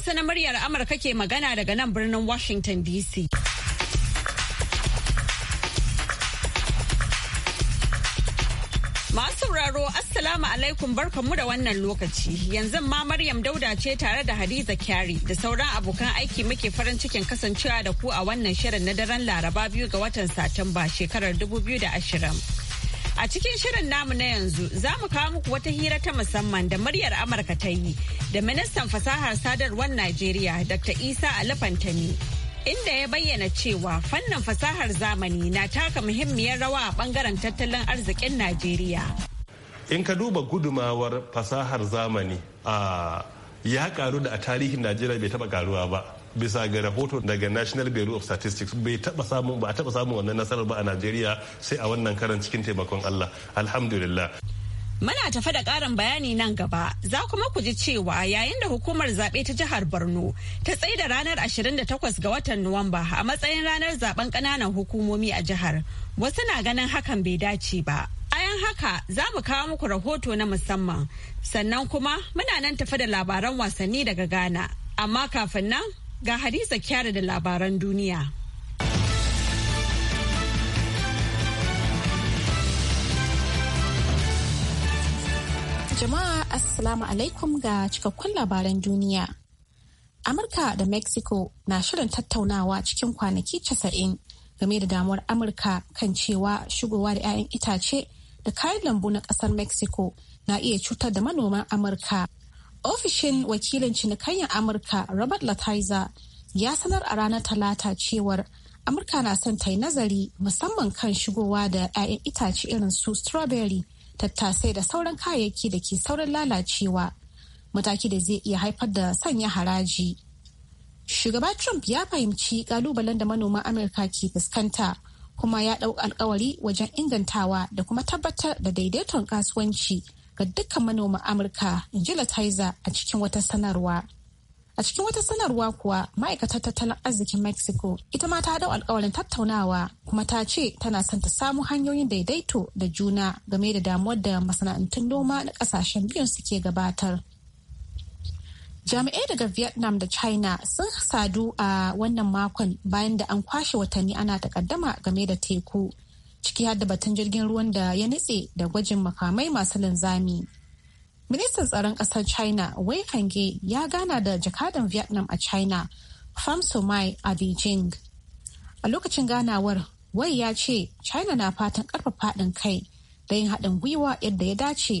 Hausa na muryar Amurka ke magana daga nan birnin Washington DC. Masu sauraro Assalamu alaikum barkanmu da wannan lokaci. Yanzu ma Maryam Dauda ce tare da Hadiza Kyari da sauran abokan aiki muke farin cikin kasancewa da ku a wannan shirin na daren Laraba biyu ga watan Satumba shekarar 2020. A cikin shirin namu na yanzu za mu kawo muku wata hira ta musamman da muryar Amurka ta yi da ministan fasahar sadarwar Najeriya Dr. Isa Alifantani. Inda ya bayyana cewa fannin fasahar zamani na taka muhimmiyar rawa a bangaren tattalin arzikin Najeriya. In ka duba gudumawar fasahar zamani a ah, ya karu da a tarihin najeriya bai taba karuwa ba bisa ga rahoto daga national bureau of statistics bai taba samun ba a taba samun wannan nasarar ba a najeriya sai a wannan karan cikin taimakon allah alhamdulillah Muna tafa da ƙarin bayani nan gaba, za kuma ku ji cewa yayin da hukumar zaɓe ta jihar Borno ta da ranar 28 ga watan Nuwamba a matsayin ranar zaben ƙananan hukumomi a jihar, wasu na ganin hakan bai dace ba. haka za mu kawo muku rahoto na musamman sannan kuma muna nan tafi da labaran wasanni daga Ghana. Amma kafin nan ga Hadiza kyara da labaran duniya. Jama'a Assalamu alaikum ga cikakkun labaran duniya. Amurka da Mexico na shirin tattaunawa cikin kwanaki 90, game da damuwar Amurka kan cewa shigowa da 'ya'yan itace da kayan lambu na kasar mexico na iya cutar da manoman amurka ofishin wakilin cinikayyar amurka robert latizer ya sanar a ranar talata cewar amurka na son ta yi nazari musamman kan shigowa da 'ya'yan itace irin su strawberry tattasai da sauran kayayyaki da ke saurin lalacewa mataki da zai iya haifar da sanya haraji shugaba trump ya fahimci kalubalen da manoman amurka ke fuskanta kuma ya ɗau alkawari wajen ingantawa da kuma tabbatar da daidaiton kasuwanci ga dukkan manoman Amurka, in ji a cikin wata sanarwa. A cikin wata sanarwa kuwa ma'aikatar tattalin arzikin Mexico ita ma ta dau alkawarin tattaunawa kuma ta ce tana son ta samu hanyoyin daidaito da juna game da damuwar da masana'antun noma na kasashen biyun suke gabatar Jami'ai daga Vietnam da China sun sadu a wannan makon bayan da an kwashe watanni ana takaddama game da teku, ciki har da batun jirgin ruwan da ya nutse da gwajin makamai masu linzami. Ministan tsaron kasar China Wei fange ya gana da jakadan Vietnam a China, Pham Somai a Beijing. A lokacin ganawar, Wai ya ce China na fatan ƙarfafa haɗin kai da yin haɗin gwiwa yadda ya dace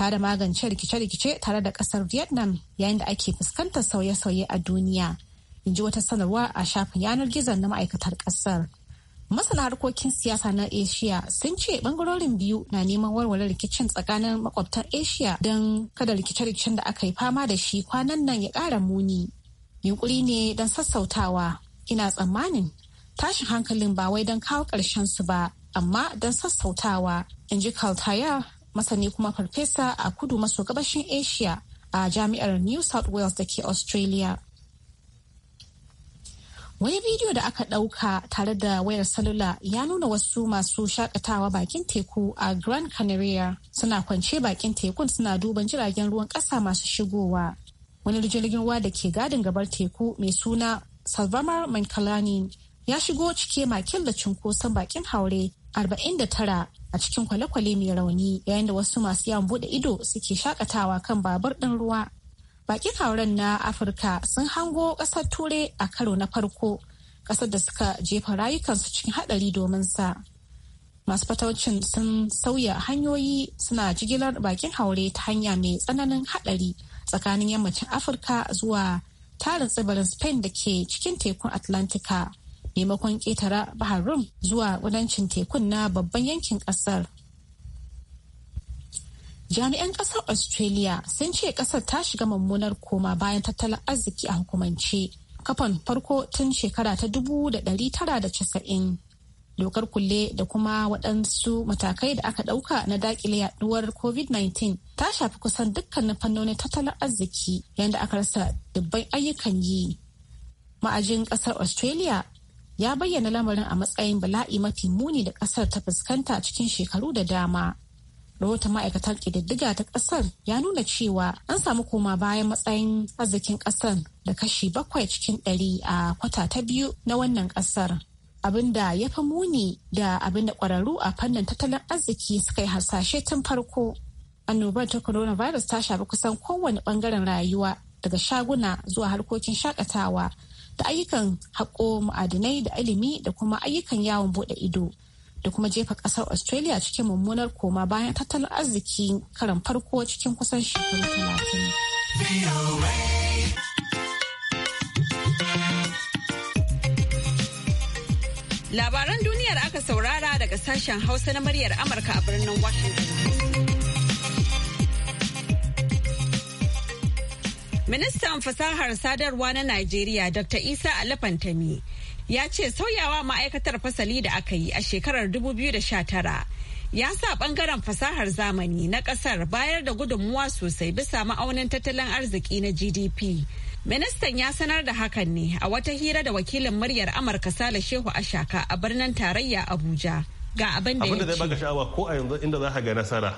ta da magance rikice-rikice tare da kasar vietnam yayin da ake fuskantar sauye-sauye a duniya in ji wata sanarwa a shafin yanar gizon na ma'aikatar kasar masana harkokin siyasa na asia sun ce bangarorin biyu na neman warware rikicin tsakanin makwabtan asia don kada rikice-rikicen da aka yi fama da shi kwanan nan ya kara muni yunkuri ne don sassautawa ina tsammanin tashin hankalin ba wai don kawo ƙarshen su ba amma don sassautawa in ji kaltaya masani kuma farfesa a kudu maso gabashin asia a jami'ar new south wales da ke australia wani bidiyo da aka dauka tare da wayar salula ya nuna wasu masu shakatawa bakin teku a grand canaria suna kwance bakin tekun suna duban jiragen ruwan kasa masu shigowa wani jirgin ruwa da ke gadin gabar teku mai suna salvamar mankalani ya shigo cike makil da cunkoson bakin haure 49 a cikin kwale-kwale mai rauni yayin da wasu masu yawon bude ido suke shakatawa kan babur ɗin ruwa. Bakin hauren na Afirka sun hango ƙasar turai a karo na farko, ƙasar da suka jefa rayukansu cikin haɗari domin sa. Masu fataucin sun sauya hanyoyi suna jigilar bakin haure ta hanya mai tsananin haɗari tsakanin yammacin Afirka zuwa tarin tsibirin Spain da ke cikin tekun Atlantika. maimakon ƙetara bahar rum zuwa kudancin tekun na babban yankin ƙasar. Jami'an ƙasar Australia sun ce ƙasar ta shiga mummunar koma bayan tattalin arziki a hukumance. Kafan farko tun shekara ta 1990. Dokar kulle da kuma waɗansu matakai da aka ɗauka na daƙile yaɗuwar COVID-19 ta shafi kusan dukkanin fannonin tattalin arziki yadda aka rasa dubban ayyukan yi. ma'ajin ƙasar australia ya bayyana lamarin a matsayin bala'i mafi muni da kasar ta fuskanta cikin shekaru da dama. Rahoton ma'aikatar ƙididdiga ta ƙasar ya nuna cewa an samu koma bayan matsayin arzikin ƙasar da kashi bakwai cikin ɗari a kwata ta biyu na wannan ƙasar. Abin da ya fi muni da abin da ƙwararru a fannin tattalin arziki suka yi hasashe tun farko. Annobar ta coronavirus ta shafi kusan kowane ɓangaren rayuwa daga shaguna zuwa harkokin shakatawa ta ayyukan haƙo ma'adinai da ilimi da kuma ayyukan yawon buɗe ido da kuma jefa ƙasar australia cikin mummunar koma bayan tattalin arziki karan farko cikin kusan shekaru talatin. labaran duniyar aka saurara daga sashen hausa na muryar amurka a birnin washington Ministan fasahar sadarwa na Najeriya Dr. Isa Alafantami ya ce sauyawa ma'aikatar fasali da aka yi a shekarar 2019 ya sa bangaren fasahar zamani na kasar bayar da gudunmuwa sosai bisa ma'aunin tattalin arziki na GDP. Ministan ya sanar da hakan ne a wata hira da wakilin muryar Amurka Sale Shehu Ashaka a birnin tarayya Abuja. Ga abin da ya baka sha'awa ko a yanzu inda za ka ga nasara.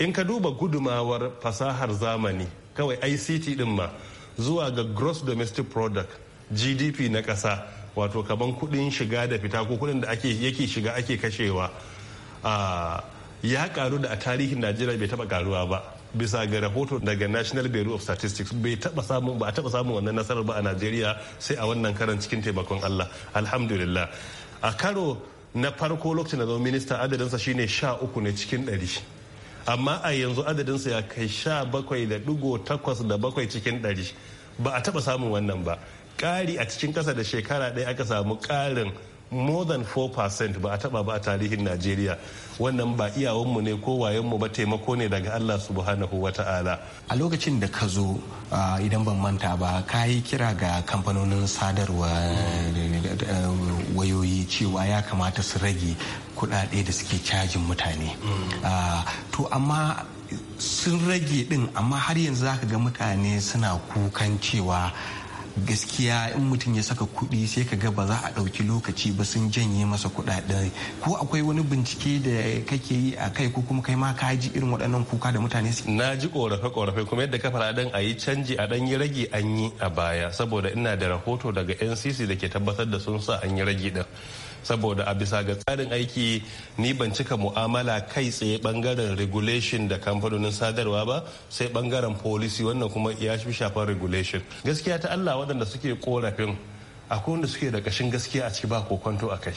In ka duba gudumawar fasahar zamani kawai ict din ma zuwa ga gross domestic product gdp na ƙasa wato kaman kudin shiga da fita ko kudin da ake yake shiga ake kashewa ah, ya karu da a tarihin najeriya bai taba karuwa ba bisa ga rahoto daga national bureau of statistics bai taba samun ba a taba samun wannan nasarar ba a najeriya sai a wannan karan cikin taimakon allah alhamdulillah a karo na farko lokacin da zama minista adadinsa shine sha uku ne cikin ɗari amma a yanzu adadinsu ya kai sha bakwai da digo takwas da bakwai cikin ɗari ba a taɓa samun wannan ba ƙari a cikin ƙasa da shekara ɗaya aka samu ƙarin more than 4% ba a taba ba a tarihin Najeriya wannan ba iyawanmu ne ko wayonmu ba taimako ne daga Allah subhanahu wa ta'ala. A lokacin da ka zo idan ban manta ba ka yi kira ga kamfanonin sadarwa eh, eh, eh, wayoyi cewa ya kamata su rage kudade da suke cajin mutane. Mm. To amma sun rage din amma har yanzu zaka ga mutane suna kukan cewa gaskiya in mutum ya saka kuɗi sai ka ga ba za a ɗauki lokaci ba sun janye masa kuɗaɗen ko akwai wani bincike da kake yi a kai ko kuma kai ma ka ji irin waɗannan kuka da mutane su na ji korafe korafe kuma yadda ka fara dan a yi canji a ɗan yi rage an yi a baya saboda ina da rahoto daga ncc da ke tabbatar da sun sa an yi rage ɗin saboda a bisa ga tsarin aiki ni ban cika mu'amala kai tsaye bangaren regulation da kamfanonin sadarwa ba sai bangaren policy wannan kuma ya fi shafar regulation gaskiya ta allah waɗanda suke korafin akwai wanda suke da kashin gaskiya a ciki ba kokonto a kai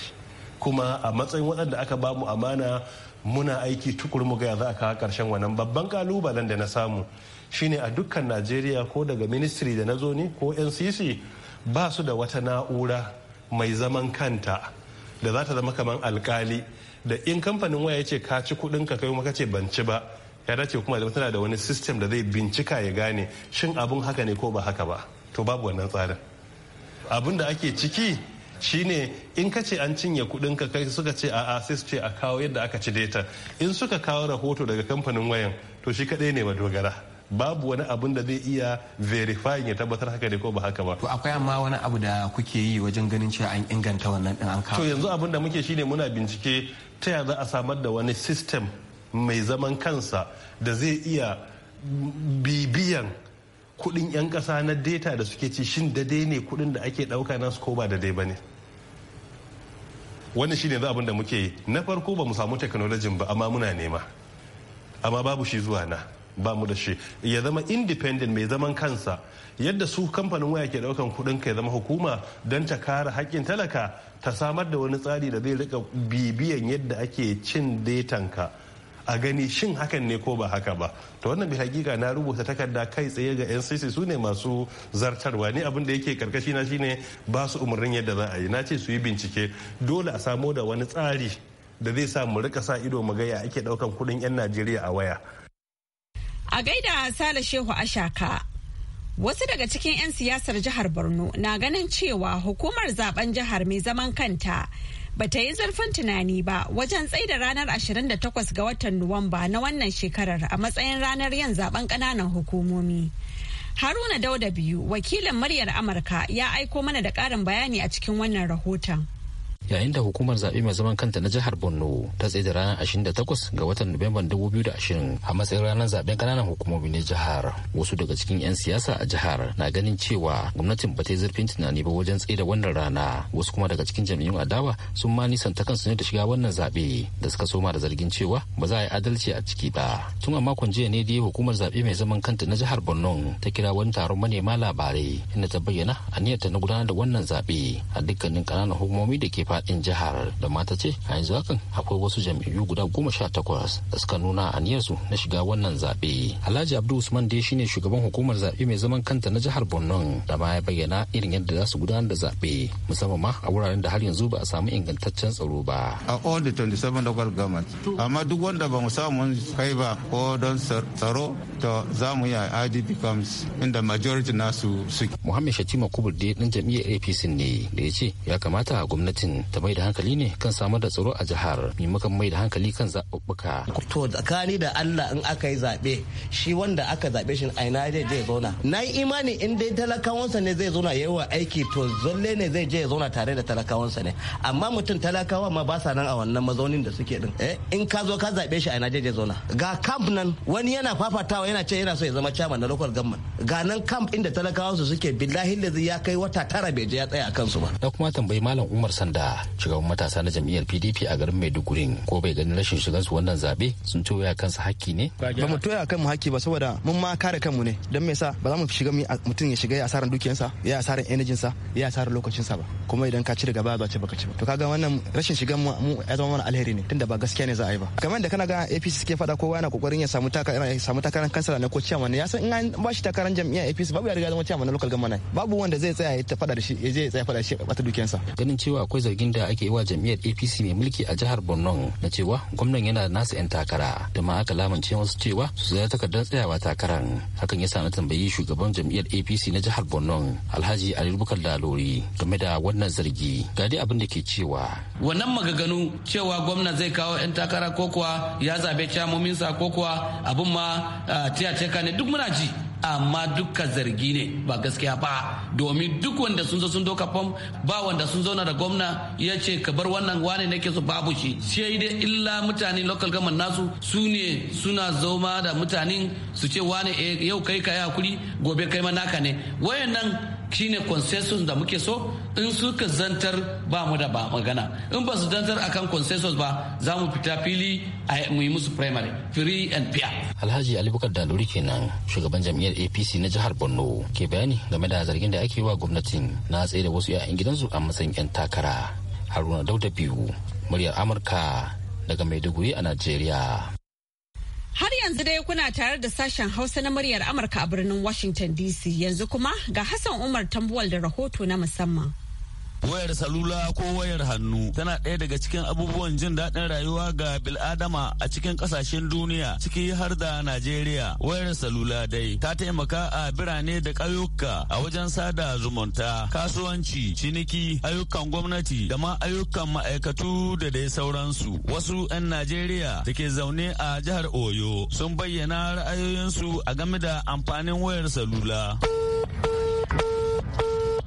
kuma a matsayin waɗanda aka ba mu amana muna aiki tukur mu ga za a kawo ƙarshen wannan babban kalubalen da na samu shine a dukkan najeriya ko daga ministry da na zo ni ko ncc ba su da wata na'ura mai zaman kanta da za ta zama kamar alkali da in kamfanin waya ya ce ka ci kuɗin ka kai kuma ce ban ci ba ya dace kuma da tana da wani system da zai bincika ya gane shin abun haka ne ko ba haka ba to babu wannan tsarin abun da ake ciki shine in ka ce an cinye kuɗin ka kai suka ce a'a sai ce a kawo yadda aka ci data in suka kawo rahoto daga kamfanin wayan to shi kadai ne dogara. babu wani abun da zai iya verifying ya tabbatar haka ne ko ba haka ba. To akwai amma wani abu da kuke yi wajen ganin cewa an inganta wannan din an kawo. To yanzu abun da muke shine muna bincike ta yaya za a samar da wani system mai zaman kansa da zai iya bibiyan kudin 'yan kasa na data da suke ci shin da dai ne kudin da ake dauka nasu ko ba da dai ba ne wannan shine za abin da muke yi na farko ba mu samu teknolojin ba amma muna nema amma babu shi zuwa na ba mu da shi ya zama independent mai zaman kansa yadda su kamfanin waya ke daukan kudin ka ya zama hukuma don ta kare haƙƙin talaka ta samar da wani tsari da zai rika bibiyan yadda ake cin detanka a gani shin hakan ne ko ba haka ba to wannan bi hakika na rubuta takarda kai tsaye ga ncc su ne masu zartarwa ni abin da yake karkashi na shine ba su umarnin yadda za a yi na ce su yi bincike dole a samo da wani tsari da zai sa mu rika sa ido mu ga ya ake daukan kudin yan najeriya a waya A gaida Sale Shehu Ashaka. Wasu daga cikin 'yan siyasar jihar Borno na ganin cewa hukumar zaben jihar mai zaman kanta ba ta yi zurfin tunani ba wajen tsaida ranar 28 ga watan Nuwamba na wannan shekarar a matsayin ranar yin zaben kananan hukumomi. Haruna Dauda biyu wakilin muryar Amurka ya aiko mana da ƙarin bayani a cikin wannan rahoton. yayin da hukumar zaɓe mai zaman kanta na jihar borno ta tsaye da ranar 28 ga watan nuwamban 2020 a matsayin ranar zaɓen ƙananan hukumomi na jihar wasu daga cikin 'yan siyasa a jihar na ganin cewa gwamnatin ba ta yi zurfin tunani ba wajen tsaye da wannan rana wasu kuma daga cikin jam'iyyun adawa sun ma nisanta kansu ne da shiga wannan zaɓe da suka soma da zargin cewa ba za a yi adalci a ciki ba tun a makon jiya ne dai hukumar zaɓe mai zaman kanta na jihar borno ta kira wani taron manema labarai inda ta bayyana aniyarta na gudanar da wannan zaɓe a dukkanin ƙananan hukumomi da ke faɗi in jihar da mata ce a yanzu hakan akwai wasu jam'iyyu guda goma sha takwas da suka nuna a aniyarsu na shiga wannan zaɓe alhaji abdul usman dai shine shugaban hukumar zaɓe mai zaman kanta na jihar borno da ma ya bayyana irin yadda za su gudanar da zaɓe musamman ma a wuraren da har yanzu ba a samu ingantaccen tsaro ba a all the 27 local government amma duk wanda ba mu samu kai ba ko don tsaro to za mu yi id becomes inda majority nasu suke muhammed shatima kubur dai dan jam'iyyar apc ne da ya ce ya kamata gwamnatin ta mai da hankali ne kan samar da tsaro a jihar maimakon mai da hankali kan zaɓuɓɓuka. to tsakani da allah in aka yi zaɓe shi wanda aka zaɓe shi a ina zai je ya zauna na yi imani in dai talakawansa ne zai zauna ya yi wa aiki to zalle ne zai je ya zauna tare da talakawansa ne amma mutum talakawa ma ba sa nan a wannan mazaunin da suke din eh, in ka zo ka zaɓe shi a ina zai je zauna ga camp nan wani yana fafatawa yana ce yana so ya zama chairman na local government ga nan camp inda talakawansu suke billahi zai ya kai wata tara bai je ya tsaya a kansu ba. na kuma tambayi malam umar sanda shugaban matasa na jam'iyyar PDP a garin Maiduguri ko bai ganin rashin shigar su wannan zabe sun toya kansa hakki ne ba mu toya kanmu haƙƙi ba saboda mun ma kare kanmu ne don me yasa ba za mu shiga mutum ya shiga ya asaran dukiyansa ya energy sa ya asaran lokacinsa ba kuma idan ka ci daga ba ce baka ci ba to kaga wannan rashin shigan mu ya zama mana alheri ne tunda ba gaskiya ne za a yi ba kamar da kana ga APC suke fada kowa yana kokarin ya samu takara ya samu takarar kansala ne ko ciyaman ne ya san in an ba shi takarar jam'iyyar APC babu ya riga zama ciyaman na local government babu wanda zai tsaya ya fada da shi ya je ya tsaya faɗa shi ya ɓata dukiyansa ganin cewa akwai zargi zargin da ake yi wa jam'iyyar apc mai mulki a jihar borno na cewa gwamnan yana da nasa 'yan takara da ma aka lamance wasu cewa su zai takardar tsayawa takaran hakan ya sa na tambayi shugaban jam'iyyar apc na jihar borno alhaji ali alibukar dalori game da wannan zargi ga dai abin da ke cewa wannan magaganu cewa gwamna zai kawo 'yan takara ko ya zabe camominsa sa kuwa abin ma tiyace ne duk muna ji amma dukkan zargi ne ba gaskiya ba domin duk wanda sun zo sun doka fam ba wanda sun zauna da gwamna ya ce ka bar wannan wane nake su babu shi sai dai illa mutane local government nasu su ne suna zauma da mutanen su ce wane eh, yau kai ka yi hakuri gobe kai ma naka ne wayannan shine consensus da muke so in suka zantar ba mu da ba magana in ba su zantar akan consensus ba za mu fita fili a mu yi musu primary free and fair alhaji Ali bukar daluri kenan shugaban jam'iyyar apc na jihar borno ke bayani game da zargin da ake wa gwamnatin na tsaye da wasu 'ya'yan gidansu a matsayin 'yan takara haruna dauda biyu muryar amurka daga maiduguri a najeriya Har yanzu dai kuna tare da sashen Hausa na muryar Amurka a birnin Washington DC yanzu kuma ga Hassan Umar tambuwal da rahoto na musamman. wayar salula ko wayar hannu tana ɗaya daga cikin abubuwan jin daɗin rayuwa ga bil'adama a cikin ƙasashen duniya ciki har da najeriya wayar salula dai ta taimaka a birane da ƙauyuka a wajen sada zumunta kasuwanci ciniki ayyukan gwamnati da ma ayyukan ma'aikatu da dai sauransu wasu 'yan najeriya da ke zaune a jihar oyo sun bayyana ra'ayoyinsu a game da amfanin wayar salula.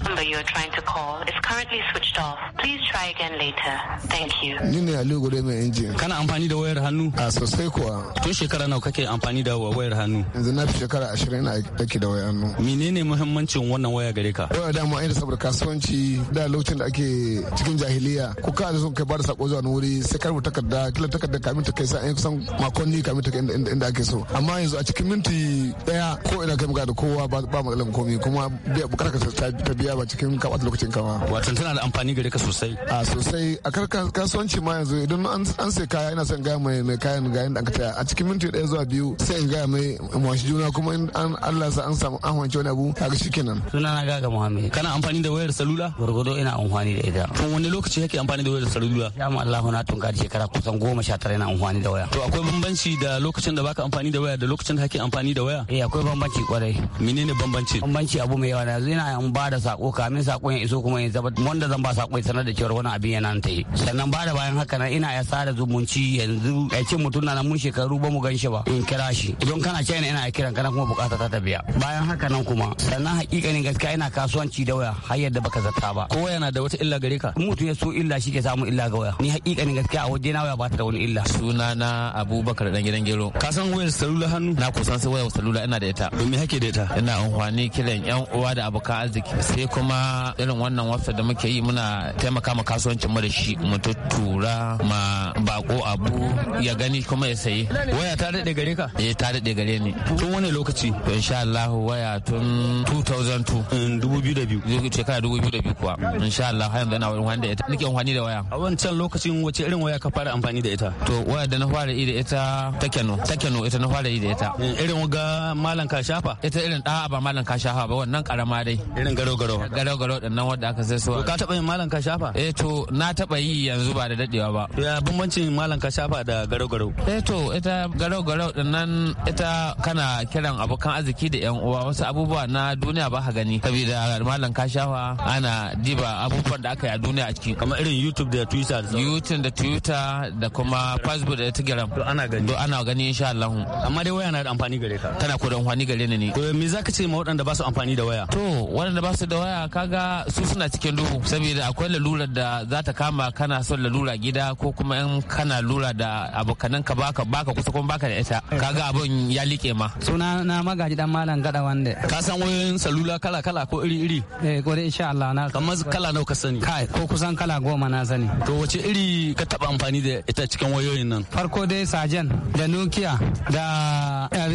number you are trying to call is currently switched off. Please try again later. Thank you. Ni ne Aliyu Gure mai injin. Kana amfani da wayar hannu? A sosai kuwa. Tun shekara nawa kake amfani da wayar hannu? Yanzu na fi shekara ashirin na ake da wayar hannu. Menene muhimmancin wannan waya gare ka? da mu ainihin saboda kasuwanci da lokacin da ake cikin jahiliya. Ko ka da sun kai ba da sako zuwa wuri sai ka rubuta takarda kila takarda kamin ta kai sa an eh, kusan makonni kamin ta kai inda ake so. Amma yanzu a cikin minti daya ko ina kai magana da kowa ba matsalan komi kuma bukatar ka ta biya tafiya ba cikin ka lokacin kama. Watan tana da amfani gare ka sosai. A sosai a kar kasuwanci ma yanzu idan an sai kaya ina son gaya mai mai kayan ga da aka taya a cikin minti ɗaya zuwa biyu sai in gaya mai mawashi juna kuma in an Allah sa an samu an wance wani abu kaga kenan. Suna na gaga Muhammad kana amfani da wayar salula? Gwargwado ina amfani da ita. Tun wani lokaci yake amfani da wayar salula? Ya mu Allah na tun da shekara kusan goma sha tara ina amfani da waya. To akwai bambanci da lokacin da baka amfani da waya da lokacin da kake amfani da waya? Eh akwai bambanci kwarai. Menene bambanci? Bambanci abu mai yawa na yanzu ina ba da sako sako kamin sakon ya iso kuma ya zaba wanda zan ba sako ya sanar da cewar wani abin yana ta yi sannan ba da bayan haka na ina ya sada zumunci yanzu ya ce mutum na mun shekaru ba mu gan shi ba in kira shi idan kana china ina kiran kana kuma bukata ta biya bayan haka nan kuma sannan hakikanin gaskiya ina kasuwanci da waya har yadda baka zata ba ko yana da wata illa gare ka mutum ya so illa shi ke samu illa ga waya ni hakikanin gaskiya a waje na waya ba ta da wani illa suna na abubakar dan gidan gero ka san wayar salula hannu na kusan sai wayar salula ina da ita me hake da ita ina amfani kiran yan uwa da abokan arziki sai kuma irin wannan wasa da muke yi muna taimaka ma kasuwancin mu da shi mu tura. ma bako abu ya gani kuma ya sayi waya ta daɗe gare ka eh ta daɗe gare ni tun wani lokaci to insha Allah waya tun 2002 mm, biyu da 2002 kuwa insha Allah har yanzu ina wani da ita nake amfani da waya a wancan lokacin wace irin waya ka fara amfani da ita to waya da na fara yi da ita ta Kano ta Kano ita na fara yi da ita mm, irin ga malam ka shafa ita irin da ba malam ka shafa ba wannan karama dai irin garo garo garau garau da nan wanda aka sai suwa ka taɓa yin malam ka shafa eh to na taɓa yi yanzu ba da daɗewa ba ya bambancin malam ka shafa da garau garau eh to ita garau garau da nan ita kana kiran abokan arziki da yan uwa wasu abubuwa na duniya ba ka gani saboda malam ka shafa ana diba abubuwan da aka yi a duniya a ciki kamar irin youtube da twitter da youtube da twitter da kuma facebook da Instagram. to ana gani to ana gani insha Allah amma dai waya na da amfani gare ka tana ko da amfani gare ni ne to me zaka ce ma waɗanda ba su amfani da waya to waɗanda ba su da waya waya kaga su suna cikin duhu saboda akwai lalurar da za ta kama kana son lalura gida ko kuma yan kana lura da abokanan ka baka baka kusa kuma baka da ita kaga abun ya like ma suna na magaji dan malam gada wanda ka san wayoyin salula kala kala ko iri iri eh ko insha Allah na kamar kala nawa ka sani kai ko kusan kala goma na sani to wace iri ka taba amfani da ita cikin wayoyin nan farko dai sajan da nokia da eh,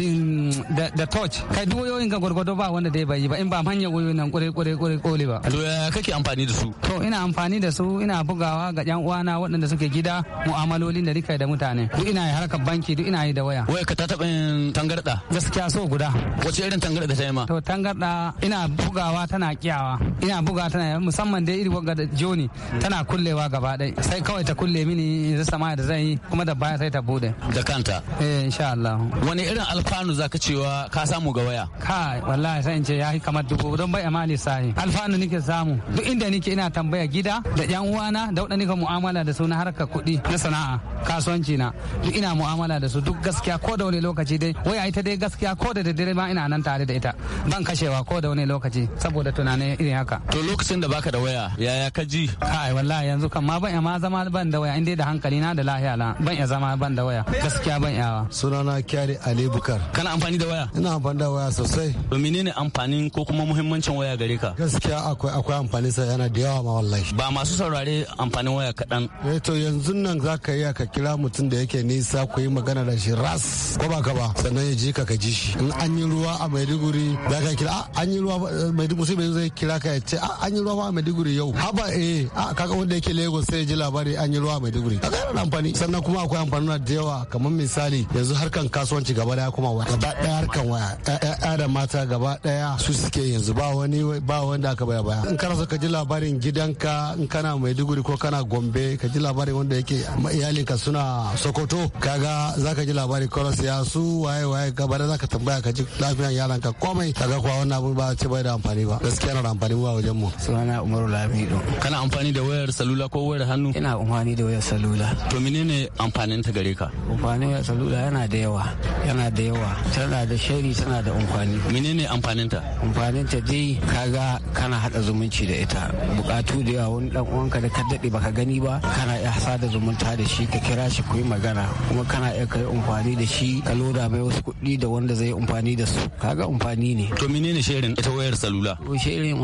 da, touch kai duk wayoyin ga gwargwado ba wanda dai bai yi ba in ba manyan wayoyin nan kure kure kore kole ba to ya kake amfani da su to ina amfani da su ina bugawa ga yan uwana waɗanda suke gida mu'amalolin da rika da mutane duk ina yi harkar banki duk ina yi da waya waya ka ta taɓa tangarɗa gaskiya so guda wace irin tangarɗa ta yi ma to tangarɗa ina bugawa tana kiyawa ina buga tana musamman dai irin wanga da joni tana kullewa gaba ɗaya sai kawai ta kulle mini in sama da zan yi kuma da baya sai ta bude da kanta eh insha Allah wani irin alfanu zaka cewa ka samu ga waya ka wallahi sai in ce ya kamar dubu don bai amali sai samu alfanu nake samu duk inda nake ina tambaya gida da yan uwana da nike mu'amala da su na harkar kuɗi na sana'a kasuwanci na duk ina mu'amala da su duk gaskiya ko da wani lokaci dai waya ita dai gaskiya ko da daddare ma ina nan tare da ita ban kashewa ko da wani lokaci saboda tunanin irin haka to lokacin da baka da waya yaya ka ji kai wallahi yanzu kan ma ban ma zama ban da waya inda da hankali na da lahiya la ban ya zama ban da waya gaskiya ban yawa sunana kyari ali bukar kana amfani da waya ina amfani da waya sosai to menene amfanin ko kuma muhimmancin waya gare ka gaskiya akwai akwai amfanin sa yana da yawa ma wallahi ba masu saurare amfanin waya kaɗan eh to yanzu nan za ka iya ka kira mutum da yake nisa ku yi magana da shi ras ko ba ka ba sannan ya ji ka ka ji shi in an yi ruwa a maiduguri za ka kira ah, an yi ruwa eh, maiduguri sai zai kira ka ya ce ah, an yi ruwa a maiduguri yau haba eh ah, kaga wanda yake lagos sai ya ji labari an yi ruwa a maiduguri kaga yana amfani sannan kuma akwai amfani na da yawa kamar misali yanzu harkan kasuwanci gaba daya kuma waya gaba daya harkan waya ya da mata gaba daya su suke yanzu ba wani ba wanda aka baya baya in kana so ka ji labarin gidanka in kana maiduguri ko kana gombe ka ji labarin wanda yake iyalinka suna sokoto kaga za ka ji labarin kwaras ya su waye waye gaba da ka tambaya ka ji lafiyar yaranka komai kaga kuwa wannan abu ba ce bai da amfani ba gaskiya na da amfani ba wajen mu sunana umaru lamido kana amfani da wayar salula ko wayar hannu ina amfani da wayar salula to menene amfanin ta gare ka amfanin wayar salula yana da yawa yana da yawa tana da shari tana da amfani menene amfanin ta amfanin ta dai kaga kana hada zumunci da ita bukatu da yawa wani dan uwanka da ka dade baka gani ba kana iya sada zumunta da shi ka kira shi ku yi magana kuma kana iya kai amfani da shi ka loda mai wasu kuɗi da wanda zai amfani da su kaga amfani ne to menene shirin ita wayar salula to shirin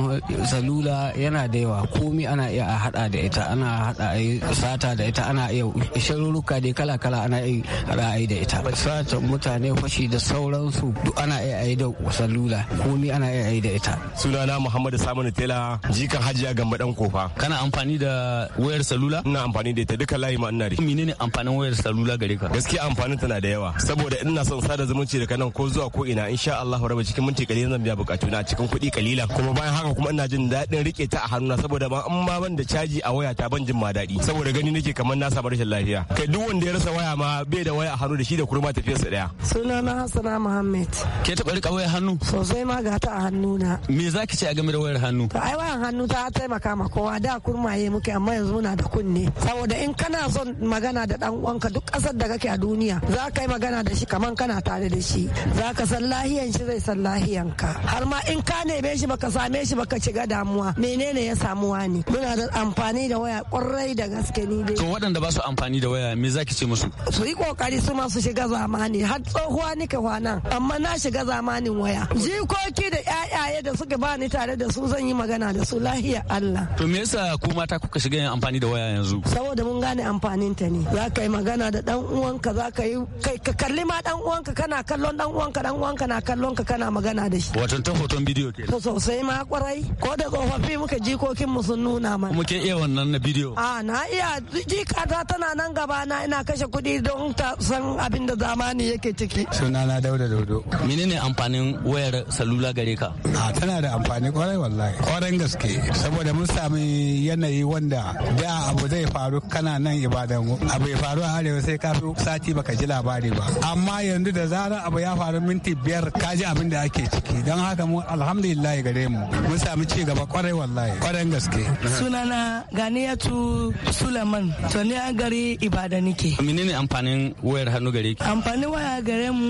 salula yana da yawa komi ana iya a hada da ita ana hada a sata da ita ana iya sharuruka dai kala kala ana iya hada ai da ita sata mutane fashi da sauransu duk ana iya ai da salula komi ana iya ai da ita sunana muhammad Muhammadu Saminu Tela jikan Hajiya Gamba dan Kofa. Kana amfani da wayar salula? Ina amfani da ita duka layi ma ina da. ne amfanin wayar salula gare ka? Gaskiya amfanin tana da yawa saboda ina son sada zumunci da kanan ko zuwa ko ina insha Allah rabu cikin minti kalilan zan biya bukatu na cikin kuɗi kalila kuma bayan haka kuma ina jin daɗin rike ta a hannuna saboda ba an ma ban da caji a waya ta ban jin ma daɗi saboda gani nake kamar na samu rashin lafiya kai duk wanda ya rasa waya ma bai da waya a hannu da shi da kurma tafiyarsa daya sunana Hassana Muhammad ke taɓa rika waya hannu sosai ma ga ta a hannuna me zaki ce a game da wayar hannu to ai wayar hannu ta taimaka ma kowa da kurmaye muke amma yanzu muna da kunne saboda in kana son magana da dan uwanka duk kasar da kake a duniya za ka yi magana da shi kaman kana tare da shi za ka san lahiyan shi zai san lahiyan ka har ma in ka neme shi baka same shi baka shiga damuwa menene ya samuwa wani. muna da amfani da waya kwarai da gaske ni dai to waɗanda ba su amfani da waya me zaki ce musu su yi kokari su ma su shiga zamani har tsohuwa nika nan. amma na shiga zamanin waya jikoki da ƴaƴaye da suke bani tare da da su zan yi magana da su lahiya Allah. To me yasa ku mata kuka shiga yin amfani da waya yanzu? Saboda mun gane amfanin ta ne. Za ka yi magana da dan uwanka za ka yi kai ka kalli ma dan uwanka kana kallon dan uwanka dan uwanka na kallon ka kana magana da shi. Wato ta hoton bidiyo ke. To sosai ma kwarai ko da tsofaffi muka jikokin mu sun nuna mana. Kuma ke iya wannan na bidiyo. A na iya jika ta tana nan gaba na ina kashe kuɗi don ta san abin da zamani yake ciki. Sunana Dauda Dodo. Menene amfanin wayar salula gare ka? A tana da amfani kwarai. kwarai wallahi kwarai gaske saboda mun sami yanayi wanda da abu zai faru kana nan ibadan abu ya faru a arewa sai kafin sati baka ji labari ba amma yanzu da zarar abu ya faru minti biyar ka ji abin da ake ciki don haka mu alhamdulillah gare mu mun sami ci gaba kwarai wallahi kwarai gaske sunana ganiyatu suleiman to ni an gari ibadan nike menene amfanin wayar hannu gare ki amfanin waya gare mu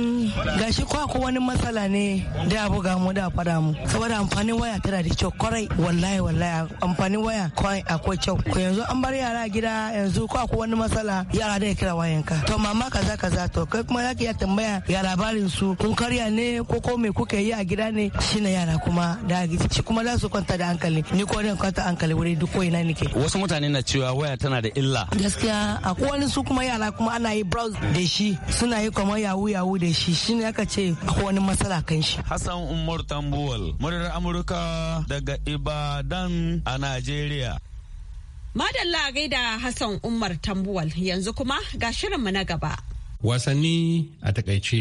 gashi ko wani matsala ne da abu ga mu da fada mu saboda amfanin waya tana da kyau kwarai wallahi wallahi amfanin waya kwai akwai kyau ko yanzu an bar yara gida yanzu ko akwai wani matsala yara da ya kira wayanka to mama kaza kaza to kai kuma zaki ya tambaya ya labarin su kun karya ne ko ko me kuka yi a gida ne shine yara kuma da gici kuma za su kwanta da hankali ni ko ne kwanta hankali wuri duk ko ina nake wasu mutane na cewa waya tana da illa gaskiya akwai wani su kuma yara kuma ana yi browse da shi suna yi kamar yawu yawu da shi shine aka ce akwai wani matsala kan shi Hassan Umar Tambuwal murar Amurka daga Ibadan a Najeriya. Madalla gaida Hassan Umar Tambuwal yanzu kuma ga shirinmu na gaba. Wasanni a takaice.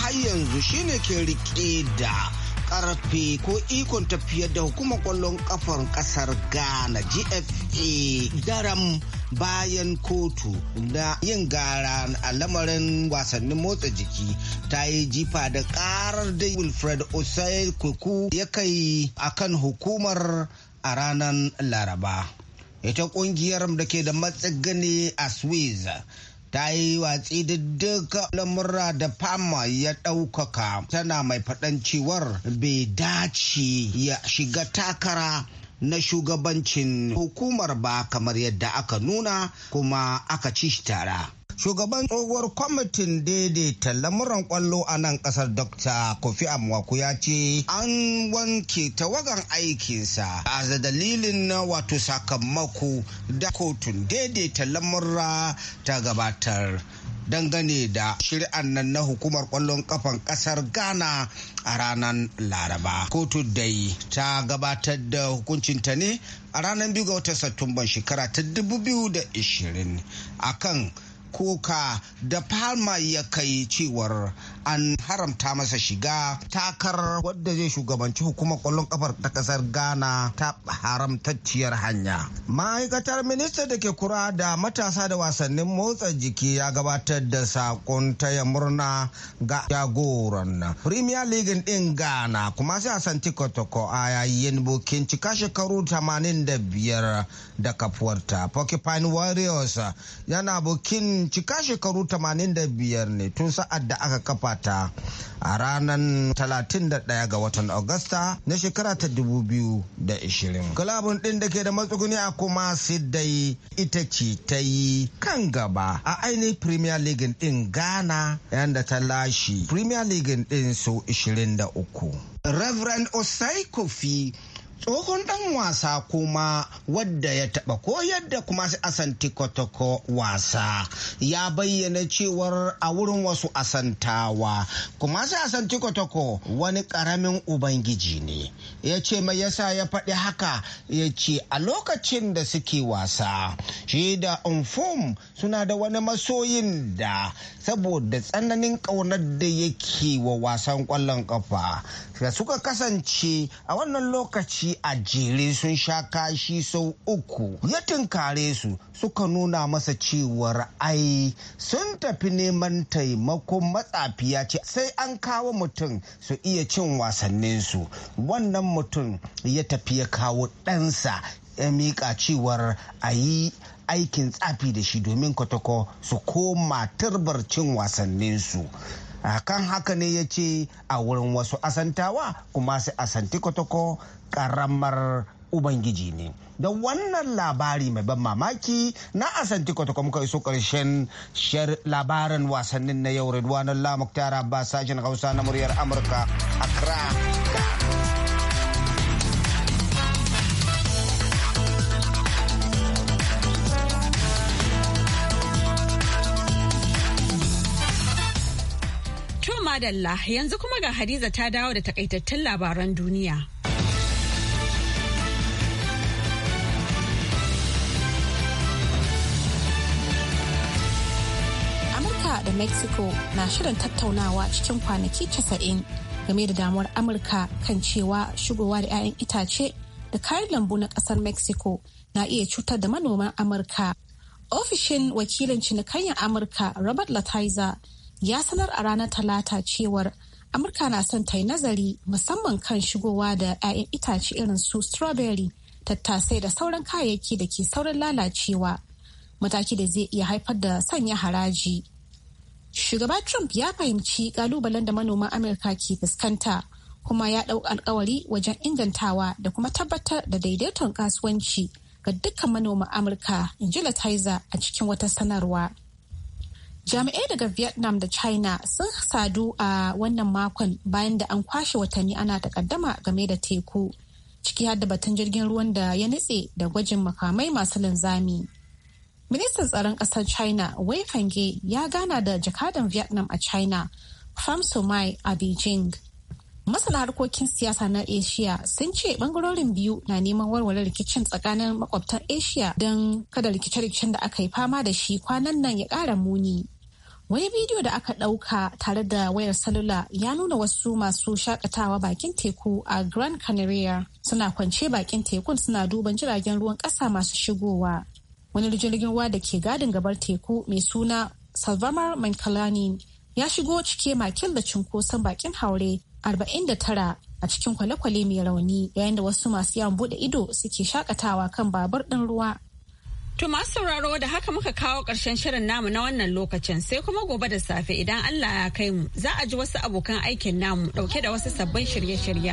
har yanzu shine ke rike da karfe ko ikon tafiyar da hukumar kwallon kafar kasar Ghana GFA daram bayan kotu na yin gara a lamarin wasannin motsa jiki ta yi jifa da karar da wilfred osai kuku ya kai akan hukumar a ranar laraba ita kungiyar da ke da matsigani a swiss ta yi watsi da duka lamura da fama ya ɗaukaka tana mai faɗan cewar bai dace ya shiga takara na shugabancin hukumar ba kamar yadda aka nuna kuma aka ci shi tara. shugaban tsohuwar kwamitin daidaita lamuran kwallo a nan kasar dr kofi amwaku ya ce an wanke tawagan aikinsa a dalilin na wato sakamako da kotun daidaita lamura ta gabatar dangane da shirin nan na hukumar kwallon kafan kasar ghana a ranar laraba kotu dai ta gabatar da hukuncinta ne a ranar biyu ga watan satumban shekara ta 2020 akan koka da palma ya kai cewar an haramta masa shiga takar wadda zai shugabanci hukumar kwallon kafar ta kasar ghana ta haramtacciyar hanya ma'aikatar minista da ke kura da matasa da wasannin motsa jiki ya gabatar da sakon taya murna ga jagoran premier league din ghana kuma sai a san tikotoko a yayin bukin cika shekaru 85 da kafuwarta porcupine warriors yana bukin cika shekaru 85 ne tun sa'ad da aka kafa gabata a ranar 31 ga watan Agusta na shekara ta 2020. Kulabun ɗin da ke da matsuguni a kuma dai ita ce ta yi kan gaba a ainihin Premier League ɗin Ghana yadda ta lashe Premier League ɗin so 23. Reverend Osai Kofi tsohon dan wasa kuma wadda ya taba koyar da kuma asanti kotoko wasa ya bayyana cewar a wurin wasu asantawa kuma sai asanti kotoko wani karamin ubangiji ne ya ce mai yasa ya faɗi haka ya ce a lokacin da suke wasa shi da suna da wani masoyin da saboda tsananin ƙaunar da yake wa wasan ƙwallon ƙafa da suka kasance a wannan lokaci a jere sun sha kashi sau uku ya tunkare su suka nuna masa cewar ai sun tafi neman taimakon matsafiya ce sai an kawo mutum su iya cin wasanninsu wannan mutum ya tafi ya kawo ɗansa ya mika cewar a aikin tsafi da shi domin kwatako su koma turbar cin wasanninsu kan haka ne ya ce a wurin wasu asantawa kuma su asanti kwatako karamar ubangiji ne da wannan labari mai ban mamaki na asanti kwatako muka iso karshen labarin wasannin na yau Redwanan lamuk tara ba sashen hausa na muryar amurka accra madalla yanzu kuma ga Hadiza ta dawo da takaitattun labaran duniya. Amurka da Mexico na shirin tattaunawa cikin kwanaki casa'in game da damuwar Amurka kan cewa shigowa da 'ya'yan itace da kayan lambu na kasar Mexico na iya cutar da manoman Amurka. Ofishin wakilin cinikayyar Amurka Robert Latizer ya sanar a ranar talata cewar amurka na son ta yi nazari musamman kan shigowa da 'ya'yan itace irin su strawberry tattasai da sauran kayayyaki da ke saurin lalacewa mataki da zai iya haifar da sanya haraji shugaba trump ya fahimci kalubalen da manoman amurka ke fuskanta kuma ya ɗau alkawari wajen ingantawa da kuma tabbatar da daidaiton kasuwanci ga dukkan manoman amurka in ji a cikin wata sanarwa. Jami'ai daga Vietnam da China sun sadu a wannan makon bayan da an kwashe watanni ana takaddama game da teku. Ciki har da batun jirgin ruwan da ya nutse da gwajin makamai masu linzami. Ministan tsaron ƙasar China Wei Fange ya gana da jakadan Vietnam a China, Pham Somai a Beijing. masana harkokin siyasa na asia sun ce bangarorin biyu na neman warware rikicin tsakanin makwabtan asia don kada rikice-rikicen da aka yi fama da shi kwanan nan ya ƙara muni Wani bidiyo da aka ɗauka tare da wayar salula ya nuna wasu masu shakatawa bakin teku a Grand Canaria suna kwance bakin tekun suna duban jiragen ruwan ƙasa masu shigowa. Wani jirgin ruwa da ke gadin gabar teku mai suna Salvamar Mankalani ya shigo cike makil da cunkoson bakin haure 49 a cikin kwale-kwale mai rauni yayin da wasu masu yawon bude ido suke shakatawa kan babur ɗin ruwa To masu sauraro da haka muka kawo ƙarshen shirin namu na wannan lokacin sai kuma gobe da safe idan Allah ya kai mu za a ji wasu abokan aikin namu ɗauke da wasu sabbin shirye shirye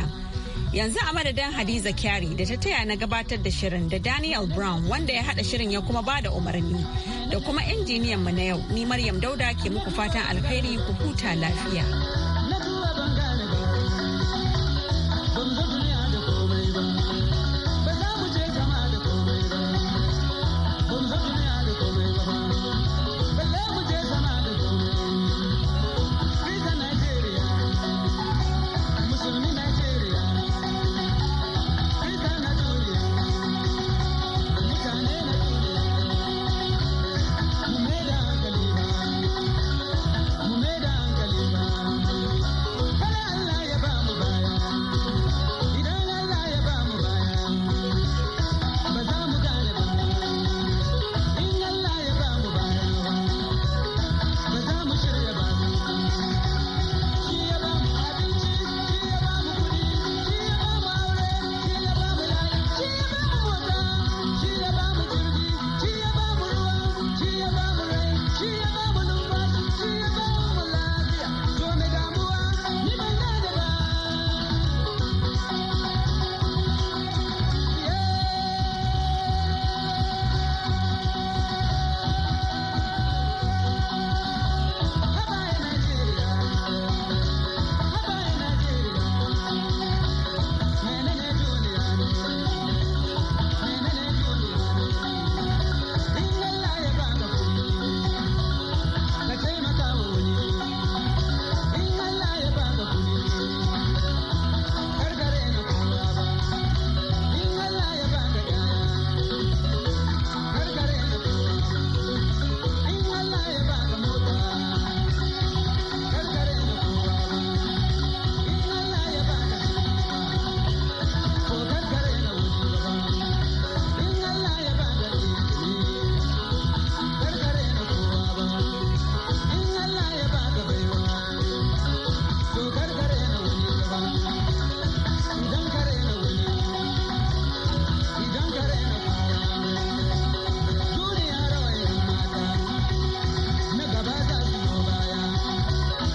Yanzu a madadin Hadiza Kyari da ta taya na gabatar da shirin da Daniel Brown wanda ya haɗa shirin ya kuma bada umarni da kuma injiniyan mu na yau ni Maryam Dauda ke muku fatan alkhairi ku huta lafiya.